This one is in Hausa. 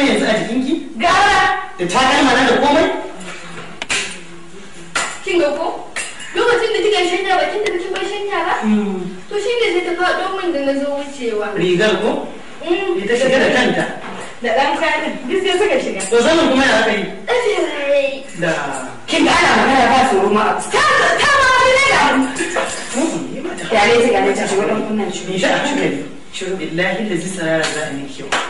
na yanzu a ki. Gara! Da takalma na da komai? Kin ga ko? Lokacin da kika shanya ba kin da kike bar shanya ba? Hmm. To shi ne sai ta faɗo min da na zo wucewa. Rigar ko? Hmm. Ita shiga da kanta. Da ɗan kanin, duk sai suka shiga. To zanen kuma ya aka yi? Ɗafe Da. Kin ga ana magana ba tsoro ma. Ta ta ma wani da mu. Yare shi ne ta shigo ɗan kunnan shi. Insha Allah. Shiru billahi lazi sarara za a yi kyau.